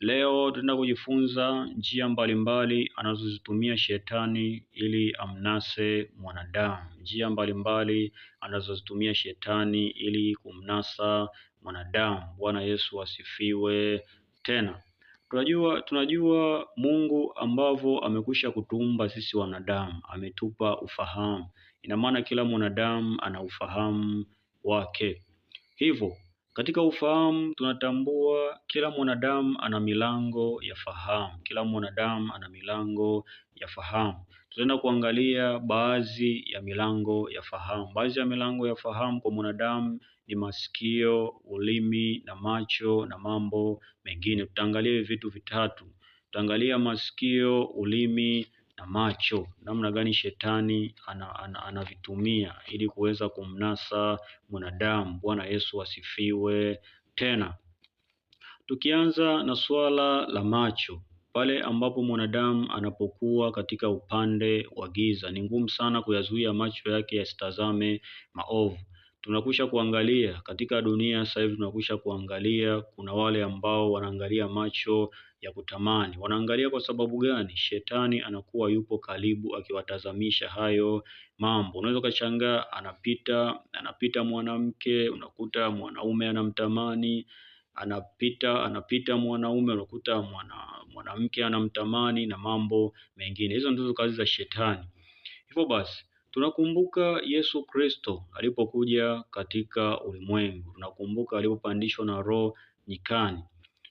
Leo tunaenda kujifunza njia mbalimbali anazozitumia shetani ili amnase mwanadamu, njia mbalimbali anazozitumia shetani ili kumnasa mwanadamu. Bwana Yesu asifiwe. Tena tunajua tunajua Mungu ambavyo amekwisha kutuumba sisi wanadamu, ametupa ufahamu. Ina maana kila mwanadamu ana ufahamu wake, hivyo katika ufahamu tunatambua kila mwanadamu ana milango ya fahamu, kila mwanadamu ana milango ya fahamu. Tutaenda kuangalia baadhi ya milango ya fahamu. Baadhi ya milango ya fahamu kwa mwanadamu ni masikio, ulimi na macho na mambo mengine. Tutaangalia vitu vitatu, tutaangalia masikio, ulimi na macho, namna gani shetani anavitumia ana, ana ili kuweza kumnasa mwanadamu. Bwana Yesu asifiwe. Tena tukianza na suala la macho, pale ambapo mwanadamu anapokuwa katika upande wa giza, ni ngumu sana kuyazuia macho yake yasitazame maovu. Tunakwisha kuangalia katika dunia sasa hivi, tunakwisha kuangalia, kuna wale ambao wanaangalia macho ya kutamani. Wanaangalia kwa sababu gani? Shetani anakuwa yupo karibu, akiwatazamisha hayo mambo. Unaweza ukashangaa, anapita anapita mwanamke, unakuta mwanaume anamtamani anapita anapita mwanaume unakuta mwana mwanamke anamtamani na mambo mengine. Hizo ndizo kazi za shetani. Hivyo basi Tunakumbuka Yesu Kristo alipokuja katika ulimwengu, tunakumbuka alipopandishwa na Roho nyikani,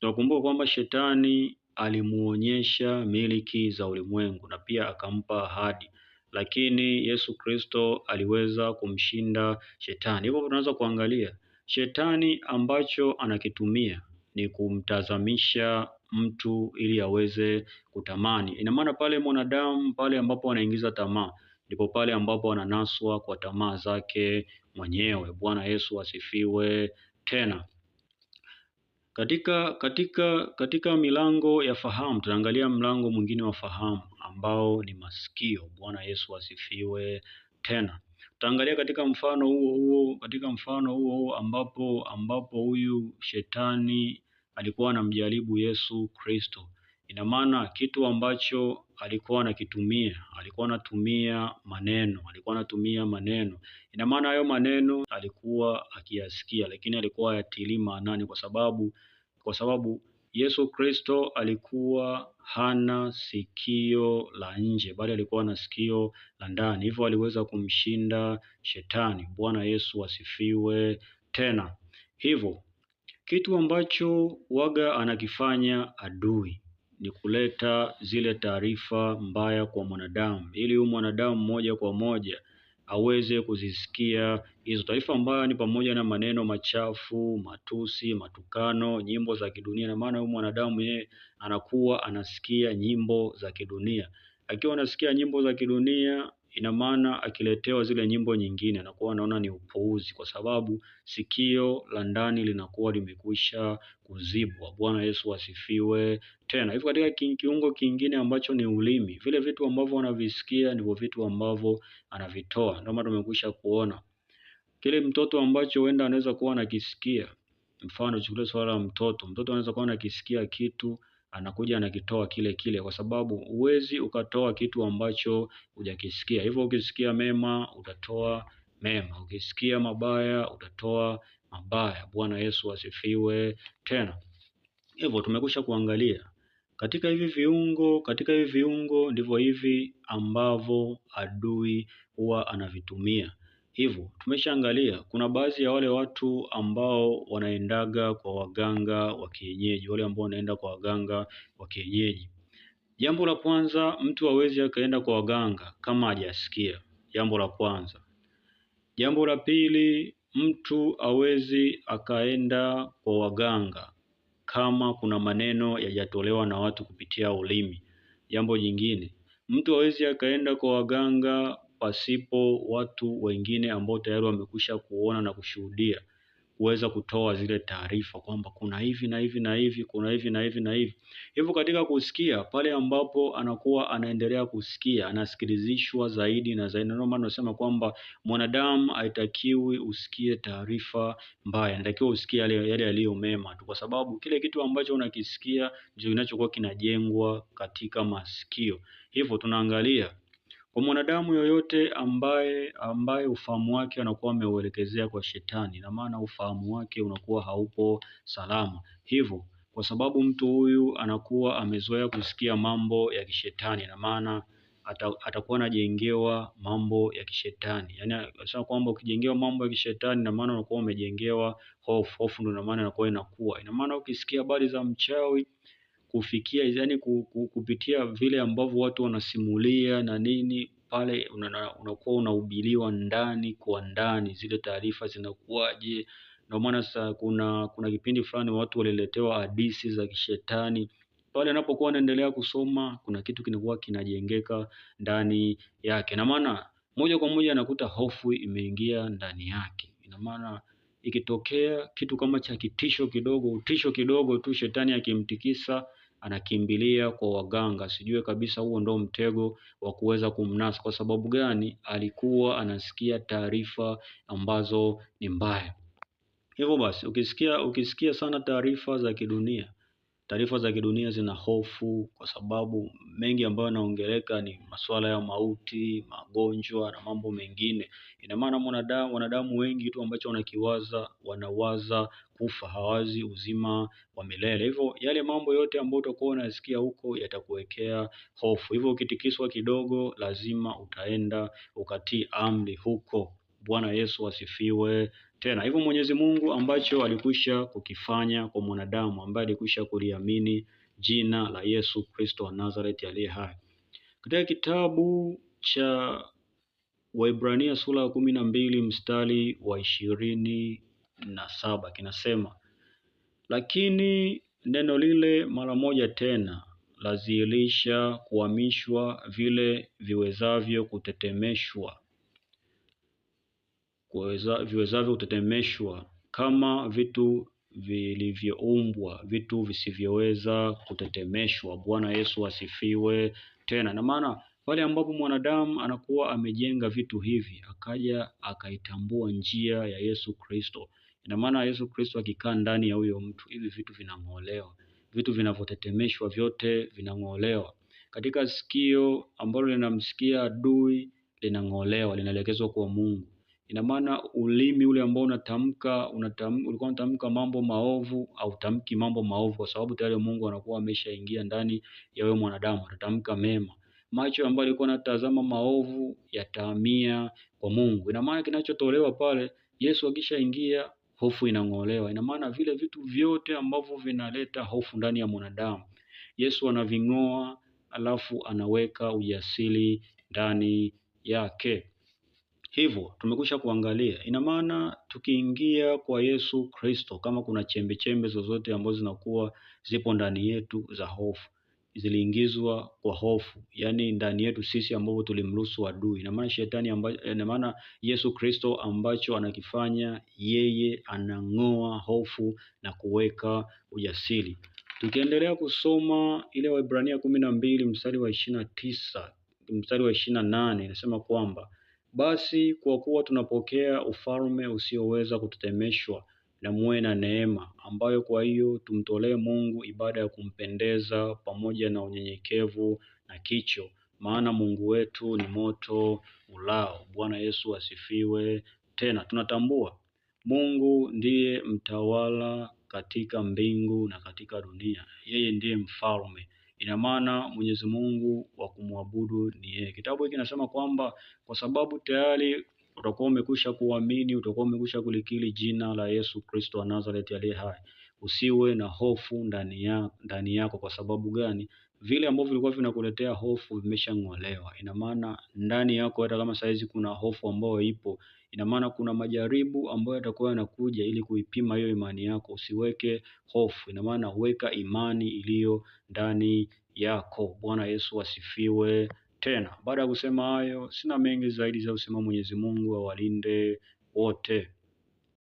tunakumbuka kwamba shetani alimuonyesha miliki za ulimwengu na pia akampa ahadi, lakini Yesu Kristo aliweza kumshinda shetani. Hivyo tunaweza kuangalia shetani ambacho anakitumia ni kumtazamisha mtu ili aweze kutamani. Ina maana pale mwanadamu pale ambapo anaingiza tamaa ndipo pale ambapo wananaswa kwa tamaa zake mwenyewe. Bwana Yesu asifiwe tena. Katika, katika, katika milango ya fahamu tunaangalia mlango mwingine wa fahamu ambao ni masikio. Bwana Yesu asifiwe tena. Tutaangalia katika mfano huo huo katika mfano huo huo ambapo ambapo huyu shetani alikuwa anamjaribu Yesu Kristo. Ina maana kitu ambacho alikuwa anakitumia, alikuwa anatumia maneno, alikuwa anatumia maneno. Ina maana hayo maneno alikuwa akiyasikia, lakini alikuwa hayatili maanani, kwa sababu kwa sababu Yesu Kristo alikuwa hana sikio la nje, bali alikuwa na sikio la ndani, hivyo aliweza kumshinda Shetani. Bwana Yesu asifiwe. Tena hivyo kitu ambacho waga anakifanya adui ni kuleta zile taarifa mbaya kwa mwanadamu, ili huyu mwanadamu moja kwa moja aweze kuzisikia hizo taarifa mbaya, ni pamoja na maneno machafu, matusi, matukano, nyimbo za kidunia. Na maana huyu mwanadamu yeye anakuwa anasikia nyimbo za kidunia, akiwa anasikia nyimbo za kidunia ina maana akiletewa zile nyimbo nyingine anakuwa anaona ni upuuzi, kwa sababu sikio la ndani linakuwa limekwisha kuzibwa. Bwana Yesu asifiwe. Tena hivyo katika kiungo kingine ambacho ni ulimi, vile vitu ambavyo anavisikia ndivyo vitu ambavyo anavitoa. Ndio maana tumekwisha kuona kile mtoto ambacho huenda anaweza kuwa anakisikia. Mfano, chukulia swala la mtoto. Mtoto anaweza kuwa anakisikia kitu anakuja anakitoa kile kile, kwa sababu huwezi ukatoa kitu ambacho hujakisikia. Hivyo ukisikia mema utatoa mema, ukisikia mabaya utatoa mabaya. Bwana Yesu asifiwe. Tena hivyo tumekusha kuangalia katika hivi viungo, katika hivi viungo ndivyo hivi ambavyo adui huwa anavitumia Hivyo tumeshaangalia kuna baadhi ya wale watu ambao wanaendaga kwa waganga wa kienyeji, wale ambao wanaenda kwa waganga wa kienyeji. Jambo la kwanza, mtu hawezi akaenda kwa waganga kama hajasikia. Jambo la kwanza. Jambo la pili, mtu hawezi akaenda kwa waganga kama kuna maneno yajatolewa na watu kupitia ulimi. Jambo jingine, mtu hawezi akaenda kwa waganga pasipo watu wengine ambao tayari wamekwisha kuona na kushuhudia kuweza kutoa zile taarifa kwamba kuna hivi na hivi na hivi, kuna hivi na hivi na hivi. Hivyo katika kusikia, pale ambapo anakuwa anaendelea kusikia, anasikilizishwa zaidi na zaidi. Ndio maana nasema kwamba mwanadamu haitakiwi usikie taarifa mbaya, anatakiwa usikie yale yale yaliyo mema tu, kwa sababu kile kitu ambacho unakisikia ndio kinachokuwa kinajengwa katika masikio. Hivyo tunaangalia kwa mwanadamu yoyote ambaye ambaye ufahamu wake anakuwa ameuelekezea kwa shetani, na maana ufahamu wake unakuwa haupo salama. Hivyo kwa sababu mtu huyu anakuwa amezoea kusikia mambo ya kishetani, na maana atakuwa anajengewa mambo ya kishetani. Yaani anasema kwamba ukijengewa mambo ya kishetani, na maana unakuwa umejengewa hofu. Hofu ndio ina maana inakuwa inakuwa, ina maana ukisikia habari za mchawi kufikia yani kupitia vile ambavyo watu wanasimulia na nini pale unakuwa unahubiriwa ndani kwa ndani, zile taarifa zinakuwaje. Ndio maana sasa kuna kuna kipindi fulani watu waliletewa hadithi za kishetani. Pale anapokuwa anaendelea kusoma, kuna kitu kinakuwa kinajengeka ndani yake, na maana moja kwa moja anakuta hofu imeingia ndani yake. Ina maana ikitokea kitu kama cha kitisho kidogo, utisho kidogo tu, shetani akimtikisa anakimbilia kwa waganga, sijue kabisa huo ndo mtego wa kuweza kumnasa. Kwa sababu gani? Alikuwa anasikia taarifa ambazo ni mbaya. Hivyo basi, ukisikia ukisikia sana taarifa za kidunia taarifa za kidunia zina hofu, kwa sababu mengi ambayo yanaongeleka ni masuala ya mauti, magonjwa na mambo mengine. Ina maana mwanadamu, wanadamu wengi tu ambacho wanakiwaza wanawaza kufa hawazi uzima wa milele. Hivyo yale mambo yote ambayo utakuwa unasikia huko yatakuwekea hofu. Hivyo ukitikiswa kidogo, lazima utaenda ukatii amri huko. Bwana Yesu asifiwe tena. Hivyo Mwenyezi Mungu ambacho alikwisha kukifanya kwa mwanadamu ambaye alikwisha kuliamini jina la Yesu Kristo wa Nazareti aliye hai. Katika kitabu cha Waibrania sura ya kumi na mbili mstari wa ishirini na saba kinasema, lakini neno lile mara moja tena lazihirisha kuhamishwa vile viwezavyo kutetemeshwa kuweza, viwezavyo kutetemeshwa kama vitu vilivyoumbwa vitu visivyoweza kutetemeshwa. Bwana Yesu asifiwe. Tena na maana pale ambapo mwanadamu anakuwa amejenga vitu hivi, akaja akaitambua njia ya Yesu Kristo, Ina maana Yesu Kristo akikaa ndani ya huyo mtu, hivi vitu vinang'olewa, vitu vinavyotetemeshwa vyote vinang'olewa. Katika sikio ambalo linamsikia adui linang'olewa, linaelekezwa kwa Mungu. Ina maana ulimi ule ambao unatamka unatam, ulikuwa unatamka mambo maovu, au hautamki mambo maovu kwa sababu tayari Mungu anakuwa ameshaingia ndani ya wewe mwanadamu, atatamka mema. Macho ambayo alikuwa anatazama maovu yatahamia kwa Mungu. Ina maana kinachotolewa pale, Yesu akishaingia hofu inang'olewa. Ina maana vile vitu vyote ambavyo vinaleta hofu ndani ya mwanadamu Yesu anaving'oa, alafu anaweka ujasiri ndani yake. Hivyo tumekwisha kuangalia, ina maana tukiingia kwa Yesu Kristo, kama kuna chembe chembe zozote ambazo zinakuwa zipo ndani yetu za hofu ziliingizwa kwa hofu, yaani ndani yetu sisi ambavyo tulimruhusu adui. Ina maana shetani ambacho, ina maana Yesu Kristo ambacho anakifanya yeye anang'oa hofu na kuweka ujasiri. Tukiendelea kusoma ile Waebrania kumi na mbili mstari wa ishirini na tisa mstari wa ishirini na nane inasema kwamba basi kwa kuwa tunapokea ufalme usioweza kutetemeshwa na muwe na neema, ambayo kwa hiyo tumtolee Mungu ibada ya kumpendeza pamoja na unyenyekevu na kicho, maana Mungu wetu ni moto ulao. Bwana Yesu asifiwe. Tena tunatambua Mungu ndiye mtawala katika mbingu na katika dunia, yeye ndiye mfalme. Ina maana Mwenyezi Mungu wa kumwabudu ni yeye. Kitabu hiki kinasema kwamba kwa sababu tayari utakuwa umekwisha kuamini, utakuwa umekwisha kulikili jina la Yesu Kristo wa Nazareti aliye hai. Usiwe na hofu ndani ya, ndani yako. Kwa sababu gani? Vile ambavyo vilikuwa vinakuletea hofu vimeshang'olewa. Ina maana ndani yako, hata kama saizi kuna hofu ambayo ipo, ina maana kuna majaribu ambayo yatakuwa yanakuja ili kuipima hiyo imani yako. Usiweke hofu, ina maana weka imani iliyo ndani yako. Bwana Yesu asifiwe tena. Baada ya kusema hayo, sina mengi zaidi za kusema. Mwenyezi Mungu awalinde wote.